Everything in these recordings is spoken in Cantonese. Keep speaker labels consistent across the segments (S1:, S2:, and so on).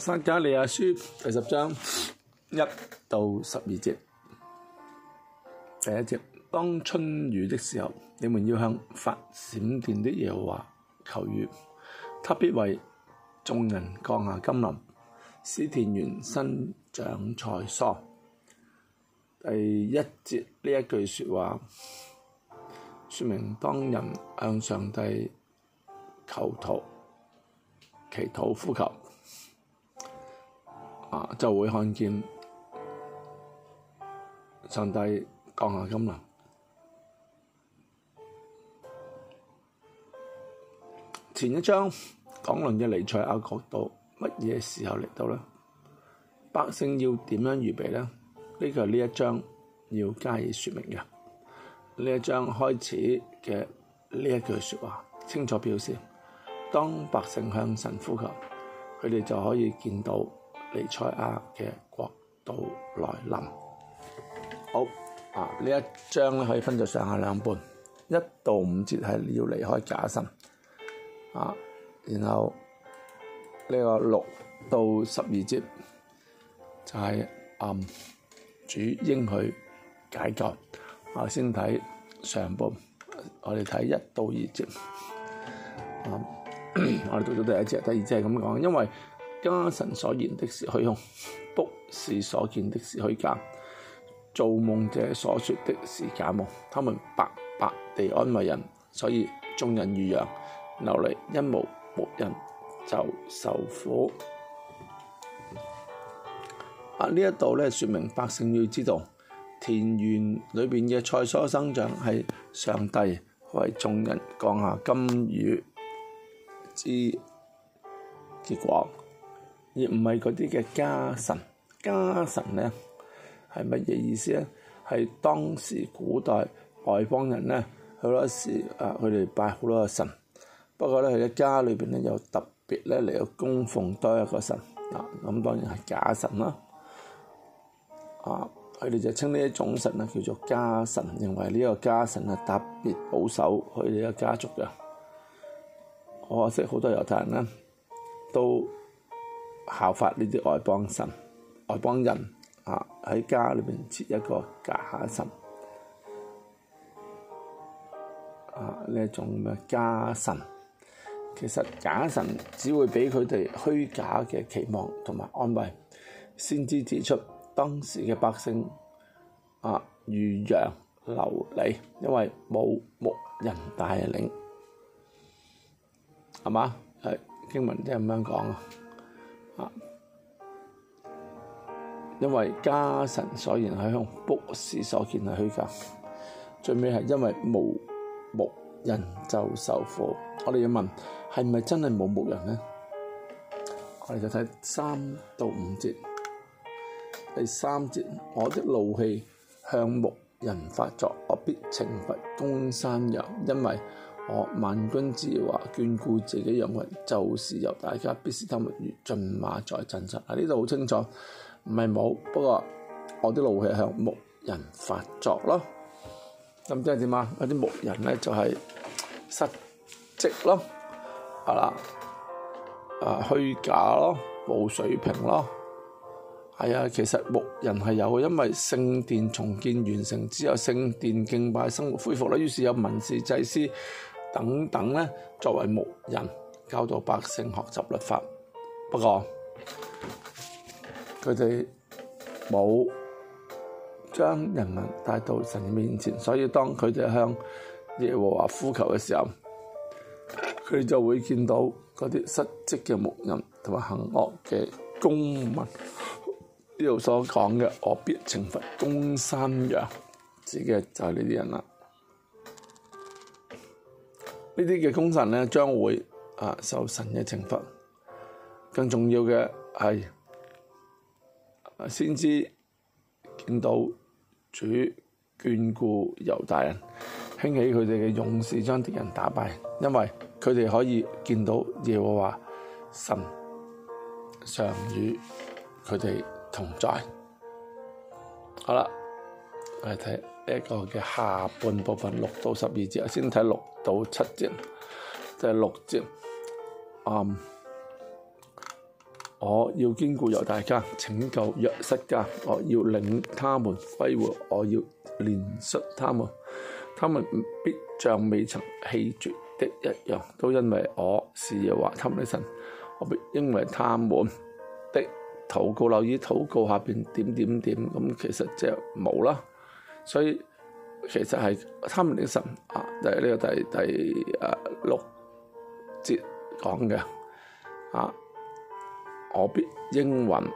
S1: 撒迦利亞書第十章一到十二節，第一節：當春雨的時候，你們要向發閃電的耶和華求雨，他必為眾人降下甘霖，使田園生長菜蔬。第一節呢一句說話，說明當人向上帝求禱、祈禱、呼求。啊！就會看見上帝降下甘霖。前一章講論嘅彌賽亞國度，乜嘢時候嚟到呢？百姓要點樣預備呢？呢個係呢一章要加以説明嘅。呢一章開始嘅呢一句説話，清楚表示：當百姓向神呼求，佢哋就可以見到。尼采亞嘅國度來臨好，好啊！呢一章咧，可以分咗上下兩半，一到五節係要離開假神啊，然後呢個六到十二節就係、是、暗、嗯、主應許解救。我先睇上半，我哋睇一到二節，咳咳，我哋讀咗第一節、第二節係咁講，因為。家神所言的是虛空，卜士所見的是虛假，造夢者所說的是假夢。他們白白地安慰人，所以眾人如羊流離，一無牧人就受苦。啊！呢一度咧，説明百姓要知道，田園裏邊嘅菜蔬生長係上帝為眾人降下甘雨之結果。而唔係嗰啲嘅家神，家神咧係乜嘢意思咧？係當時古代外邦人咧，好多時啊，佢哋拜好多個神。不過咧，佢哋家裏邊咧又特別咧嚟到供奉多一個神啊。咁當然係假神啦。啊，佢哋就稱呢一種神啊叫做家神，認為呢個家神係特別保守佢哋嘅家族嘅。可惜好多猶太人咧都～效法呢啲外邦神、外邦人啊，喺家裏邊設一個假神啊，呢一種咁嘅假神，其實假神只會畀佢哋虛假嘅期望同埋安慰。先知指出當時嘅百姓啊，如羊流離，因為冇牧人帶領，係嘛？係經文即係咁樣講啊。因為家神所言係虛，卜士所見係虛假，最尾係因為無牧人就受苦。我哋要問，係咪真係無牧人呢？我哋就睇三到五節。第三節，我的怒氣向牧人發作，我必懲罰公山羊，因為。我、哦、萬軍之話眷顧自己羊群，就是猶大家，必使他們如駿馬在陣上。喺呢度好清楚，唔係冇，不過我啲怒氣向牧人發作咯。咁即係點啊？嗰啲牧人咧就係失職咯，係啦，啊虛假咯，冇水平咯。係、哎、啊，其實牧人係有嘅，因為聖殿重建完成之後，聖殿敬拜生活恢復啦，於是有民事祭司。等等呢，作為牧人教導百姓學習律法。不過佢哋冇將人民帶到神面前，所以當佢哋向耶和華呼求嘅時候，佢就會見到嗰啲失職嘅牧人同埋行惡嘅公民。呢度所講嘅，我必懲罰公山羊，指嘅就係呢啲人啦。呢啲嘅工人咧，將會啊受神嘅懲罰。更重要嘅係，先知見到主眷顧猶大人，興起佢哋嘅勇士，將敵人打敗。因為佢哋可以見到耶和華神常與佢哋同在。好啦，我哋睇。一個嘅下半部分六到十二節，我先睇六到七節，即係六節。嗯、um，我要堅固猶大家，拯救約瑟家，我要領他們歸回，我要憐恤他們，他們必像未曾棄絕的一樣，都因為我是耶和華他們的神，我必因為他們的禱告，留意禱告下邊點點點咁，其實就冇啦。所以其實係他們嘅神啊，第、就、呢、是、個第第六節講嘅啊，我必應允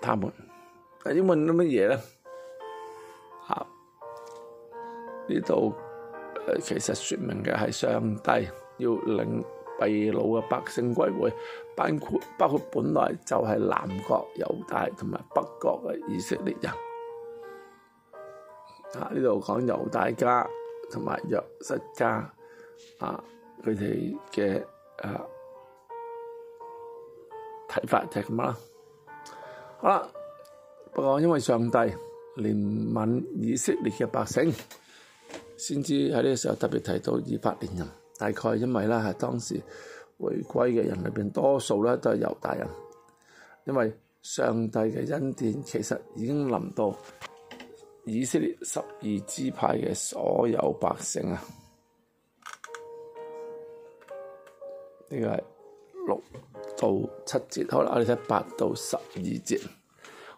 S1: 他們。應允啲乜嘢咧？啊，呢度誒其實說明嘅係上帝要領被擄嘅百姓歸回，包括包括本來就係南國猶大同埋北國嘅以色列人。啊！呢度講猶大家同埋約瑟家啊，佢哋嘅誒睇法就係咁啦。好啦，不過因為上帝憐憫以色列嘅百姓，先知喺呢個時候特別提到以法蓮人，大概因為啦，係當時回歸嘅人裏邊多數咧都係猶大人，因為上帝嘅恩典其實已經臨到。以色列十二支派嘅所有百姓啊，呢、這個係六到七節，好啦，我哋睇八到十二節。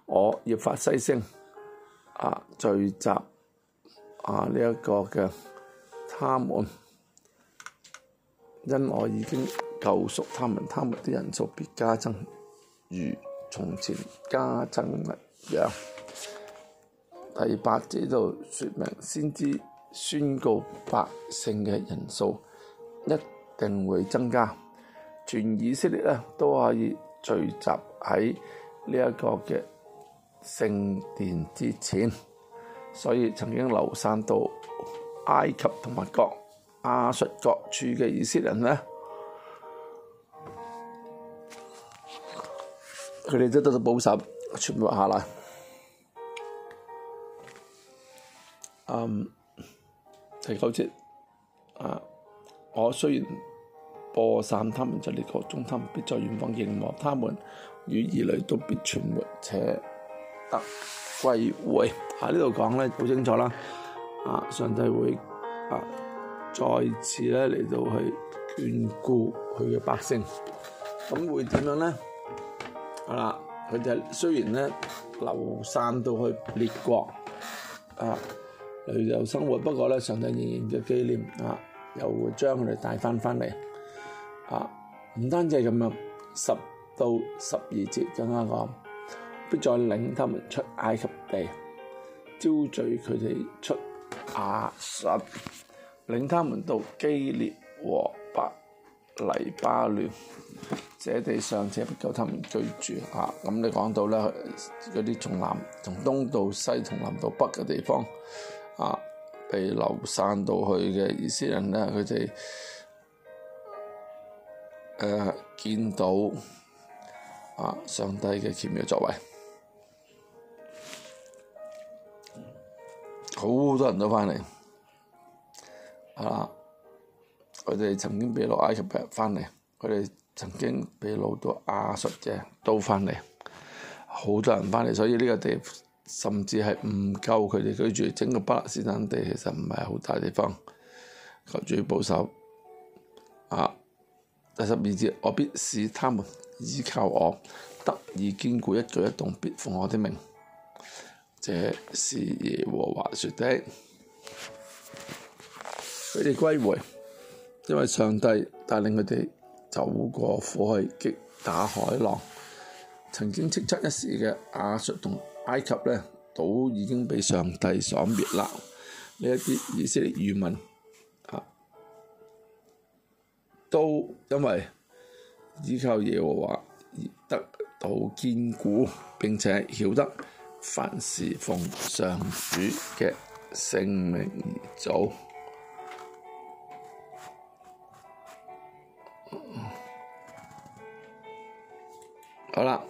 S1: 我要發西聲啊，聚集啊呢一、這個嘅他們，因我已經救贖他們，他們啲人數必加增，如從前加增一樣。第八道，呢度說明先知宣告百姓嘅人數一定會增加，全以色列咧都可以聚集喺呢一個嘅聖殿之前。所以曾經流散到埃及同埋各亞述各處嘅以色列人咧，佢哋都得到保守存活下來。嗯，第九節啊，我雖然播散，他們就列國中，他們必在遠方應我，他們與兒女都必存活且得歸回。喺呢度講咧好清楚啦，啊，上帝會啊再次咧嚟到去眷顧佢嘅百姓，咁會點樣咧？係啦，佢就雖然咧流散到去列國啊。嚟又生活，不過咧，上帝仍然嘅紀念啊，又會將佢哋帶翻翻嚟啊！唔單止係咁樣，十到十二節更加講，必再領他們出埃及地，招聚佢哋出亞述，領他們到基列和白黎巴嫩這地上，這唔夠他們居住啊！咁你講到咧，嗰啲從南從東到西，從南到北嘅地方。啊，被流散到去嘅以色列咧，佢哋誒見到啊上帝嘅奇妙作為，好多人都翻嚟啊！佢哋曾經畀擄埃及人翻嚟，佢哋曾經畀擄到亞述嘅都翻嚟，好多人翻嚟，所以呢個地，甚至係唔夠佢哋居住，整個北勒斯坦地其實唔係好大地方。求主保守啊！第十二節，我必使他們依靠我，得以堅固，一舉一動必奉我的命。這是耶和華說的。佢哋歸回，因為上帝帶領佢哋走過火海，擊打海浪，曾經叱咤一時嘅亞述同」埃及呢，都已經被上帝所滅啦。呢一啲以色列餘民啊都因為依靠耶和華而得到堅固，並且曉得凡事奉上主嘅聖名而做。好啦。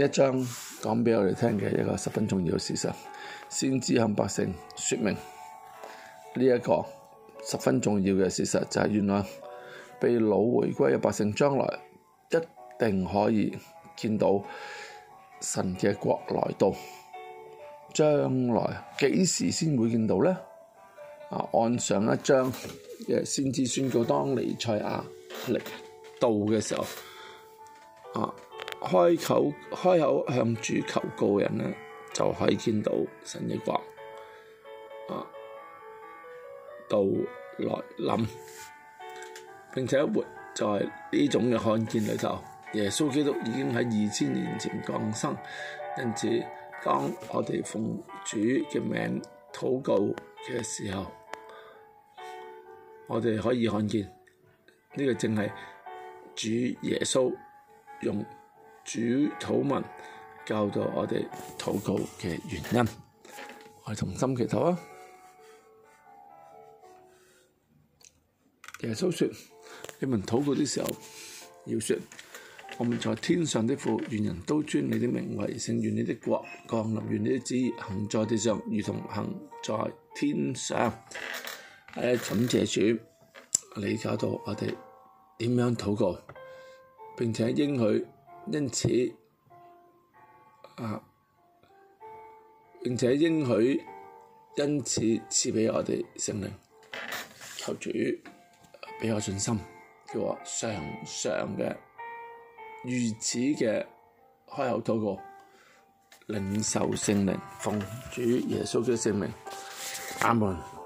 S1: 一張講畀我哋聽嘅一個十分重要嘅事實，先知向百姓說明呢一個十分重要嘅事實，就係原來被擄回歸嘅百姓將來一定可以見到神嘅國來到。將來幾時先會見到咧？啊，按上一張嘅先知宣告，當尼賽亞嚟到嘅時候啊。開口開口向主求告人咧，就可以見到神嘅光啊到來臨，並且活在呢種嘅看見裏頭。耶穌基督已經喺二千年前降生，因此當我哋奉主嘅名禱告嘅時候，我哋可以看見呢、這個正係主耶穌用。主禱文教導我哋禱告嘅原因，我哋同心祈禱啊！耶穌說：你們禱告的時候，要說：我們在天上的父，願人都尊你的名為聖，願你的國降臨，願你的旨意行在地上，如同行在天上。哎，感謝主，你教導我哋點樣禱告，並且應許。因此，啊，並且應許，因此賜畀我哋聖靈，求主畀我信心，叫我常常嘅如此嘅開口禱告，領受聖靈，奉主耶穌嘅聖名，阿門。